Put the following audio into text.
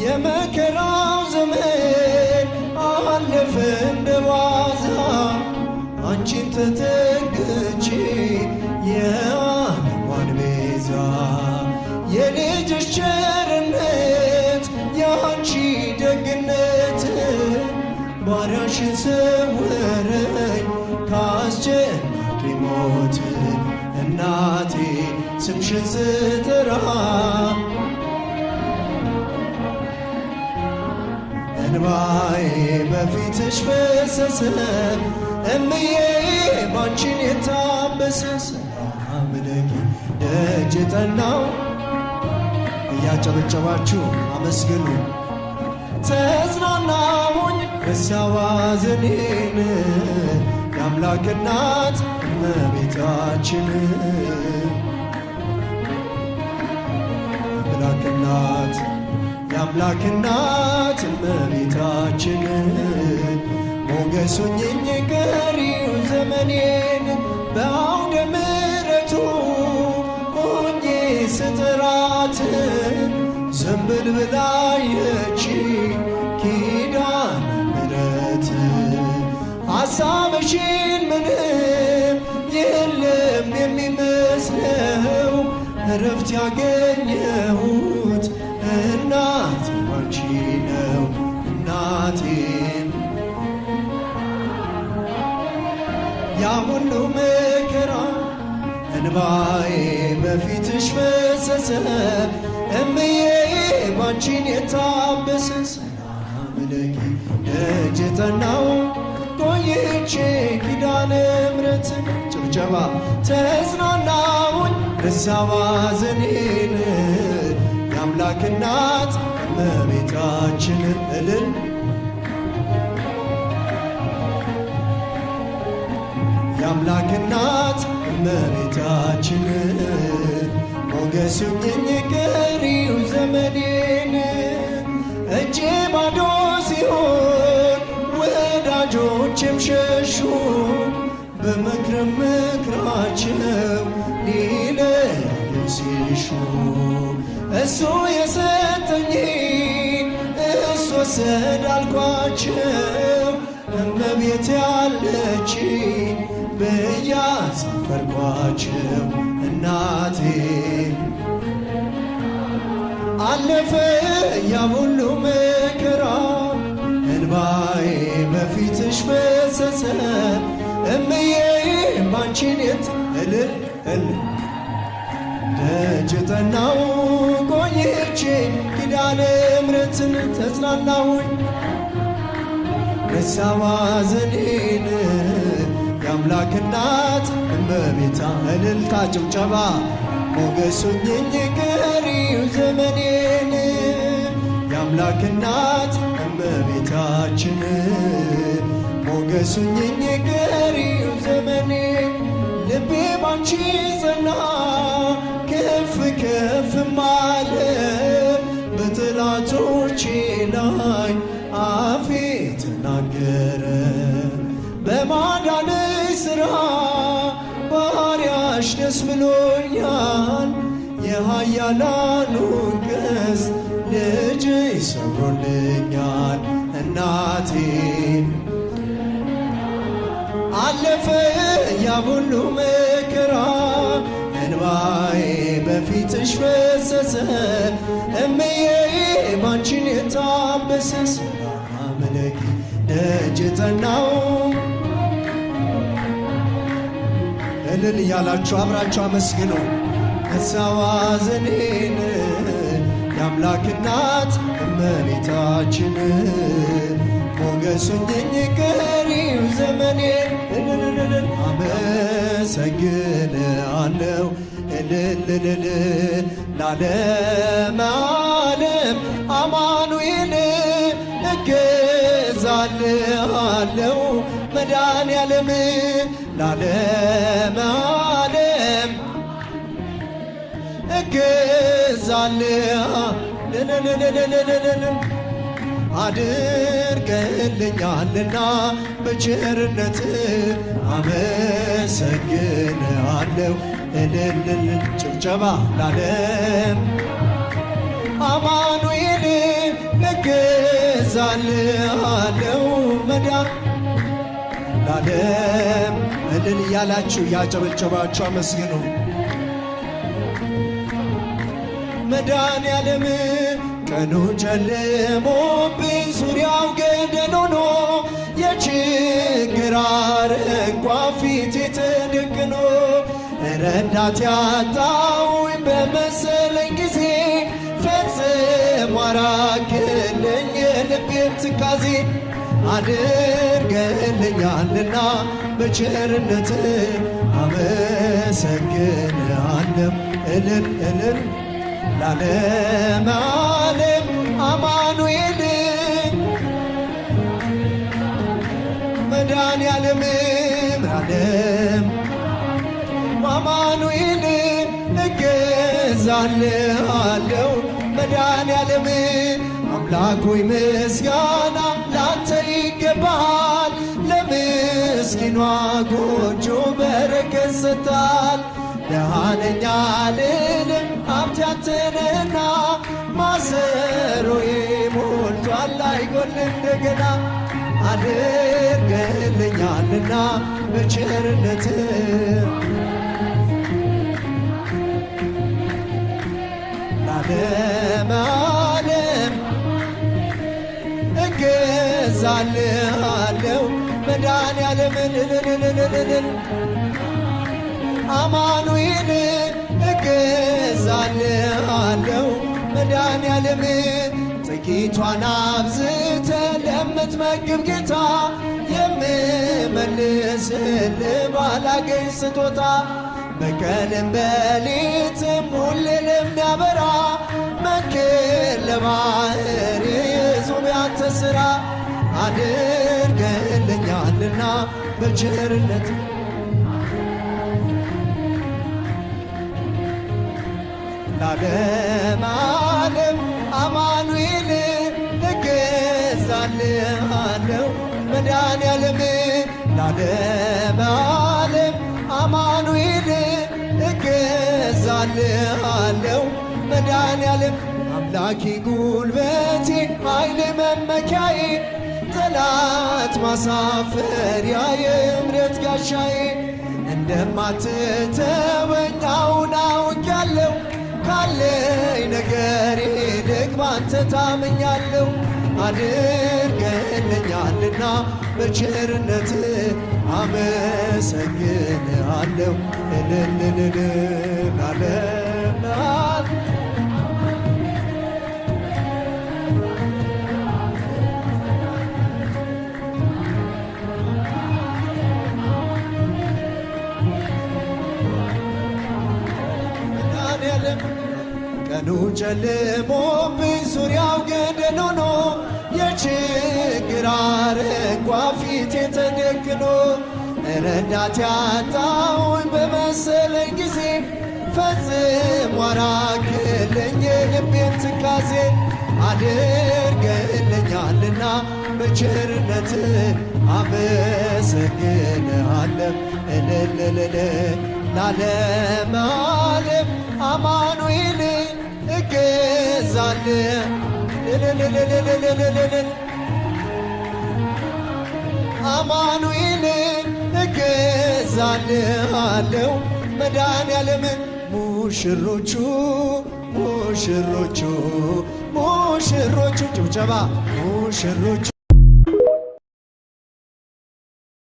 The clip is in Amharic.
የመከራው ዘመን አለፈ እንደ ዋዛ አንቺን ተጠግቼ የዓለሟን ቤዛ የልጅሽ ቸርነት የአንቺ ደግነት ባሪያሽን ሰወረኝ ከአስጨናቂ ሞት እናቴ ስምሽን ስጠራ እንባዬ በፊትሽ ፈሰሰ እምዬ ባንቺን የታበሰ ሰላም ለኪ ደጅ ጠናው እያጨበጨባችሁ አመስግኑ ተጽናናሁኝ እሳዋዘኔን የአምላክ እናት እመቤታችን አምላክ እናት የአምላክ እናት እመቤታችን ሞገሱኝኝ ቀሪው ዘመኔን በአውደ ምሕረቱ ሆኜ ስጥራት ዘንበል ብላ የቺ ኪዳነ ምሕረት ሐሳብሽን ምንም የለም የሚመስለው እረፍት ያገኘሁት እናት አንቺ ነው እናቴ ያ ሁሉ መከራ እንባዬ በፊትሽ ፈሰሰ እምዬ ባንቺን የታበሰ ሰላም ለኪ ደጅ ጠናው ቆይቼ ኪዳነ ምሕረትን ጭብጨባ ተዝናናውኝ እሳባዘኔን አምላክ እናት እመቤታችን እልል የአምላክ እናት እመቤታችን ሞገሱኝን ቀሪው ዘመኔን እጅ ባዶ ሲሆን ወዳጆችም ሸሹ በምክርም ምክራቸው ሊለዩ ሲሹ እሱ የሰጠኝ እሱ ወሰዳልኳቸው እመቤት ያለች ብያሳፈርኳቸው እናቴ አለፈ ያ ሁሉ መከራ እንባዬ በፊትሽ ፈሰሰ እምዬ ባንቺን የት እልል እልል ደጅ ጠናው ሸኝቼ ኪዳነ ምሕረትን ተጽናናሁኝ ረሳዋ ዘኔን የአምላክ እናት እመቤታ እልልታ ጭብጨባ ሞገሱኝኝ ቀሪው ዘመኔን የአምላክ እናት እመቤታችን ሞገሱኝኝ ቀሪው ዘመኔን ልቤ ባንቺ ጸና ኃያላኑ ቅስ ልጅ ሰብሮልኛል እናቴን አለፈ ያ ሁሉ መከራ እንባዬ በፊትሽ ፈሰሰ እምዬ ባንቺን የታበሰ ሰላም ለኪ ደጅ ጠናው እልል እያላችሁ አብራችሁ አመስግነው መሰዋዘኔን የአምላክናት እመቤታችን ሞገሱኝኝ ቀሪው ዘመኔ አመሰግን አለው እልልልል ላለም ዓለም አማኑኤል መዳን መድኃኔዓለም ላለም እገዛለሁ አድርገህልኛልና በቸርነት አመሰግንሃለሁ። እልል ጭብጨባ ላለም አማኑኤል እገዛለሁ መዳ ላለም እልል እያላችሁ ያጨበጨባችሁ አመስግኑ። መዳን ያለም ቀኑ ጨልሞብኝ ዙሪያው ገደል ሆኖ የችግር አረንቋ ፊቴ ተደቅኖ ረዳት ያጣሁኝ በመሰለኝ ጊዜ ፈጽሞ አራቅልኝ የልቤን ትካዜ አድርገልኛልና በቸርነት አመሰግንሃለሁ እልል እልል ለዓለም ዓለም አማኑኤል መድኃኒዓለም ዓለም አማኑኤል እገዛልሃለሁ መድኃኒዓለም አምላክ ሆይ ምስጋና ላንተ ይገባሃል። ለምስኪኗ ጎጆ በረከት ስታል ደሃ ነኝ ኃጢአትንና ማሰሮዬ ሞልቷል አይጎል እንደገና አድርገልኛልና በቸርነት ለዓለመ ዓለም እገዛልሃለሁ መድኃኔዓለምን አማኑኤልን እገዛልሃለሁ ያለም ጥቂቷን አብዝተ ለምትመግብ ጌታ የምመልስል ባላገኝ ስጦታ በቀንም በሌትም ሁሌ ለሚያበራ መክር ለባህር የዙም ያንተ ሥራ አድርገህልኛልና በቸርነት ዓለም ዓለም አማኑኤል እገዛልሃለሁ መድኃኔዓለም ለዓለም ዓለም አማኑኤል እገዛልሃለሁ መድኃኔዓለም አምላኬ ጉልበቴ ኃይሌ መመኪያዬ ጠላት ማሳፈሪያ የእምረት ጋሻዬ እንደማትተወኝ አሁን አውቄ ባንተ ታምኛለሁ አድርገህልኛልና በቸርነት አመሰግንሃለሁ እልልልልል ጨልሞብኝ ዙሪያው ገደል ሆኖ የችግር አረንቋ ፊቴን ተደቅኖ ረዳት ያጣሁኝ በመሰለኝ ጊዜ ፈጽሞ አራክልኝ የልቤን ትካዜ አድርገህልኛልና በቸርነት አመሰግንሃለሁ እልልልል ላለማለም አማኑኤል አማኑኤል እገዛልሃለው መዳን ያለም ሙሽሮቹ ሙሽሮቹ ሙሽሮቹ ጭብጨባ ሙሽሮቹ